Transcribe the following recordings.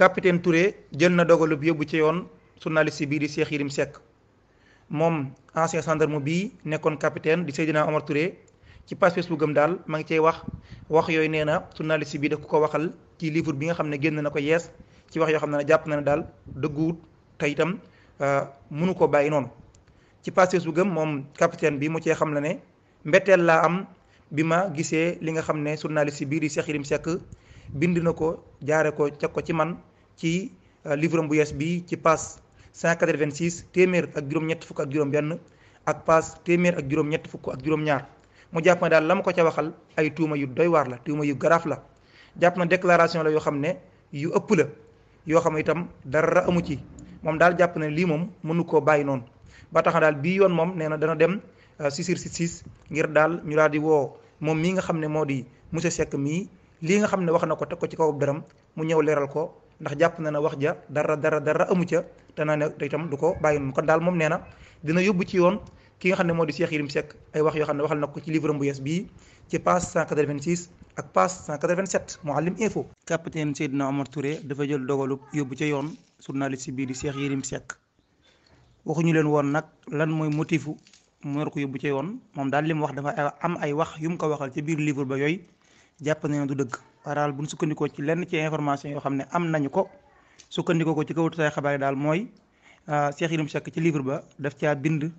capitaine Touré jël na dogalub yóbbu ci yoon journaliste bii di Cheikh Yérim sekk moom ancien gendarme bii nekkoon capitaine di seddinaa Omar ture ci page Facebook gëm daal ma ngi cey wax wax yooyu nee na journaliste bii da ku ko waxal ci livre bi nga xam ne génn na ko yees ci wax yoo xam ne jàpp na daal dëgguwut te itam euh, mënu ko bàyyi noonu ci page Facebook am moom capitaine bi mu cee xam la ne mbetteel laa am bi ma gisee li nga xam ne journaliste bii di Cheikh Yérim sekk bind na ko jaare ko teg ko ci man ci euh, livre bu yees bi ci pass 186 téeméer ak juróom-ñett fukk ak juróom-benn ak pass téeméer ak juróom-ñett fukk ak juróom-ñaar mu jàpp na daal la ma ko ca waxal ay tuuma yu doy waar la tuuma yu garaaf la jàpp na déclaration la yoo xam ne yu ëpp la yoo xam ne itam dara amu ci moom daal jàpp na lii moom mënu koo bàyyi noonu ba tax na daal bii yoon moom nee na dana dem euh, si sur ngir daal ñu daal di woo moom mii nga xam ne moo di monsieur sekk mii lii nga xam ne wax na ko teg ko ci kaw daram mu ñëw leeral ko ndax jàpp na ne wax ja dara dara dara amu ca te naa ne itam du ko bàyyi noonu kon daal moom nee na dina yóbbu ci yoon ki nga xam ne moo di Cheikh Yérim Seck ay wax yoo xam ne waxal na ko ci livre bu yes bii ci page 186 ak page 187 Mouhalim Info. capitaine Seydina Omar Touré dafa jël dogalu yóbbu ca yoon journaliste bii di Cheikh Yérim sekk waxuñu leen woon nag lan mooy motifu mu war ko yóbbu ca yoon moom daal li mu wax dafa am ay wax yu mu ko waxal ca biir livre ba yooyu jàpp na ne du dëgg. waral bu ñu sukkandikoo ci lenn ci information yoo xam ne am nañu ko sukkandikoo ko ci kaw say xabaar yi daal mooy ah, Cheikh Yérim Seck ci livre ba def caa bind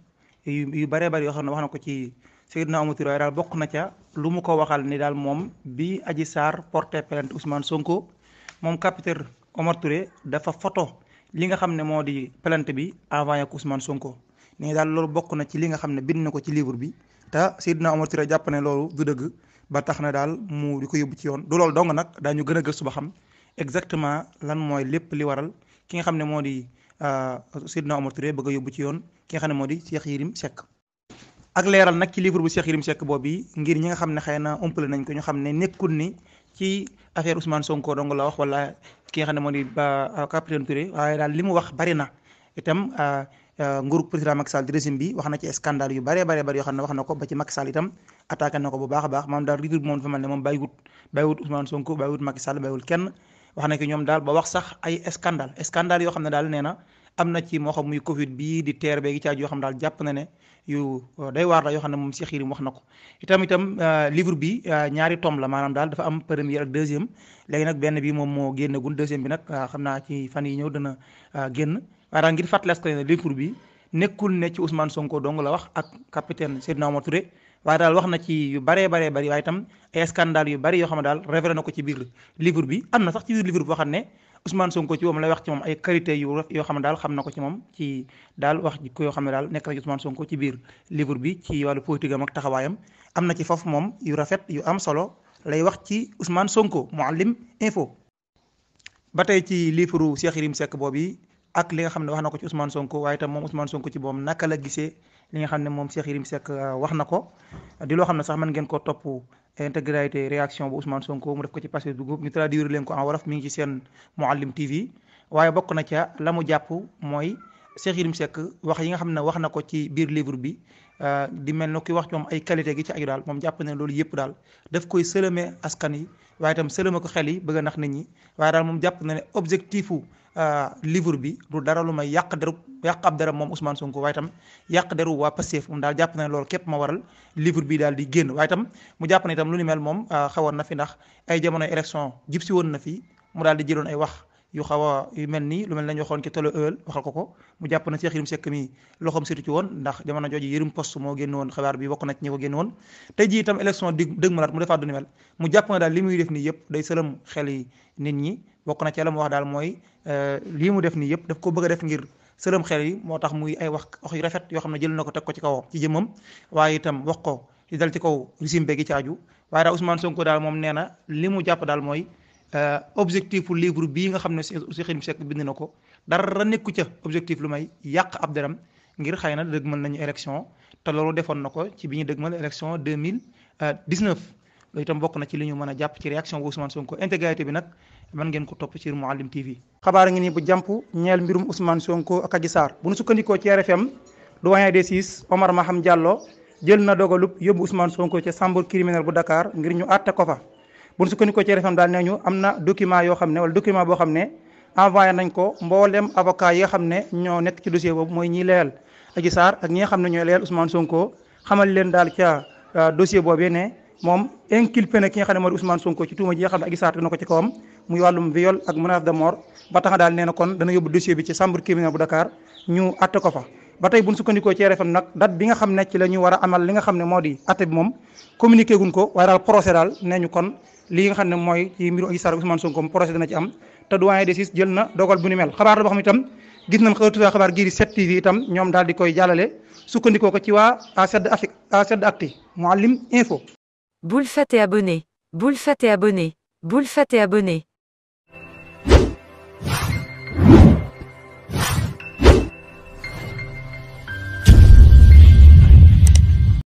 yu baree bari yoo xam ne wax na ko ci Seydina Oumar Touré waaye bokk na ca lu mu ko waxal ni daal moom bi Adji Sarr porté plainte Ousmane Sonko moom capitaine Omar Touré photo li nga xam ne moo di pelant bi envoyé ko Ousmane Sonko ne daal loolu bokk na ci li nga xam ne bind na ko ci livre bi te Seydina Omar Touré jàpp ne loolu du dëgg. ba tax na daal mu di ko yóbbu ci yoon du loolu dong nag daañu gën a gëstu ba xam exactement lan mooy lépp li waral ki nga xam ne moo di euh, Seydina Omar Touré bëgg yóbbu ci yoon ki nga moo di Cheikh Yérim Seck ak leeral nag ci livre bu Cheikh Yérim Seck boobu ngir ñi nga xam ne xëy na umpale nañ ko ñu xam ne nekkul ni ci affaire Ousmane Sonko dong la wax wala ki nga xam ne moo di ba euh, capitaine Touré waaye daal li mu wax bari na itam euh, Euh, nguurug président Macky Sall di bi wax na ci scandale yu bare bare bare yoo xam wax na ko ba ci Macky itam attaqué na ko bu baax a baax maanaam daal ridur bi moom dafa mel ne moom na ki ñoom daal ba wax sax ay scandale scandale xam ne daal nee na am na ci moo xam muy Covid bii di teer beegi caaj yoo xam daal jàpp na ne yu euh, day waar yoo xam ne moom wax na ko itam itam euh, livre bi ñaari tome la maanaam daal dafa am première ak deuxième léegi nag benn bi moom moo génn gun deuxième bi nag xam naa ci fan yi ñëw dana génn maanaam ngir fàttali askan ne livre bi nekkul ne ci Ousmane Sonko dong la wax ak capitaine Seydina Omar Touré waaye daal wax na ci yu baree baree bari waaye itam ay scandale yu bari yoo xam ne daal révélé na ko ci biir livre bi am na sax ci biir livre boo xam ne Ousmane Sonko ci moom lay wax ay qualité yu yoo xam ne daal xam na ko ci moom ci daal wax yoo xam ne daal nekk na ci Ousmane Sonko ci biir livre bi ci wàllu politique am ak taxawaayam am na ci foofu moom yu rafet yu am solo lay wax ci usman Sonko Mouhalim Info. ba tey ci livre Cheikh Yérim Seck boobu ak li nga xam ne wax na ko ci Ousmane Sonko waaye tam moom Ousmane Sonko ci boom naka la gisee li nga xam ne moom Cheikh Yérim Seck euh, wax na ko di loo xam ne sax man ngeen ko topp euh, intégralité réaction bu Ousmane Sonko mu def ko ci passé du groupe ñu traduire leen ko en wolof mi ngi ci seen Mouhalim TV waaye bokk na ca la mu jàpp mooy Cheikh Yérim Seck wax yi nga xam ne wax na ko ci biir livre bi euh, di mel ne ki wax ci ay qualité gi ci aju daal moom jàpp ne loolu yëpp daal daf koy sëlëme askan yi waaye itam sëlëme ko xel yi bëgg a nax nit ñi waaye daal moom jàpp na ne objectifu Euh, livre bi du dara lu may yàq deru yàq ab dara moom Ousmane Sonko waaye tam yàq deru waa Pastef moom daal jàpp na loolu képp ma waral livre bi daal di génn waaye tam mu jàpp ne itam lu moom euh, xawoon na fi ndax ay jamono élection jib si woon na fi mu daal di jëloon ay wax yu xaw a yu mel nii lu mel nañu waxoon ci tolo ël waxal ko ko mu jàpp na Cheikh Yérim Seck mi loxoom situ ci woon ndax jamono jooju Yérim Post moo génn woon xabaar bi bokk na ci ñi ko génn woon tey ji itam élection dig dëg malaat du ni mu jàpp na daal li muy def nii yëpp day sëlam xel yi nit ñi bokk na ci la mu wax daal mooy euh, lii mu def nii yëpp daf ko bëgg a def ngir sëlëm xel yi moo tax muy ay wax wax yu rafet yoo xam ne jël na ko teg ko ci kawam ci jëmmam waaye itam wax ko ci dal ci kaw régime bi gi waaye daal Ousmane Sonko daal moom nee na li mu jàpp daal mooy euh, objectif pour livre bii nga xam ne Cheikh Yerim Seck bind na ko dara nekku ca objectif lu may yàq ab deram ngir xëy na dëgmal nañu élection te loolu defoon na ko ci bi ñu dëgmal élection deux mille euh, dix-neuf loolu itam bokk na ci li ñu mën a jàpp ci réaction bu Ousmane Sonko intégralité bi nag mën ngeen ko topp ci Mouhalim TV. xabaar ngi ni bu jàmp ñeel mbirum Ousmane Sonko ak Adji Sarr bu nu sukkandikoo ci RFM doyen des six Omar Maham Diallo jël na dogalub yóbbu Ousmane Sonko ca chambre criminelle bu Dakar ngir ñu àtte ko fa bu nu sukkandikoo ci RFM daal nee ñu am na document yoo xam ne wala document boo xam ne envoyé nañ ko mboolem avocat yi nga xam ne ñoo nekk ci dossier boobu mooy ñiy leyal Adji Sarr ak ñi nga xam ne ñooy leyal Ousmane Sonko xamal leen daal ca euh, dossier boobee ne moom inculpé na ki nga xam ne moo di Ousmane Sonko ci na ko ci kawam muy wàllum viol ak menace de mort ba tax daal nee na kon dana yóbbu dossier bi ci chambre criminelle bu Dakar ñu atte ko fa ba tey buñ sukkandikoo ci RFM nag date bi nga xam ne ci la war a li nga xam ne moo di atte bi moom ko waaye daal nee ñu kon lii nga xam ne mooy ci mbiru Adji Sarr Ousmane Sonko jël na dogal bu ni mel xabaar la boo xam itam gis nañ xëytu xabaar gii di 7TV itam ñoom daal di koy jàllale sukkandikoo ko ci waa A7 Afrique A7 Info Boulefat et abonné. Boulefat et abonné. Boulefat et abonné.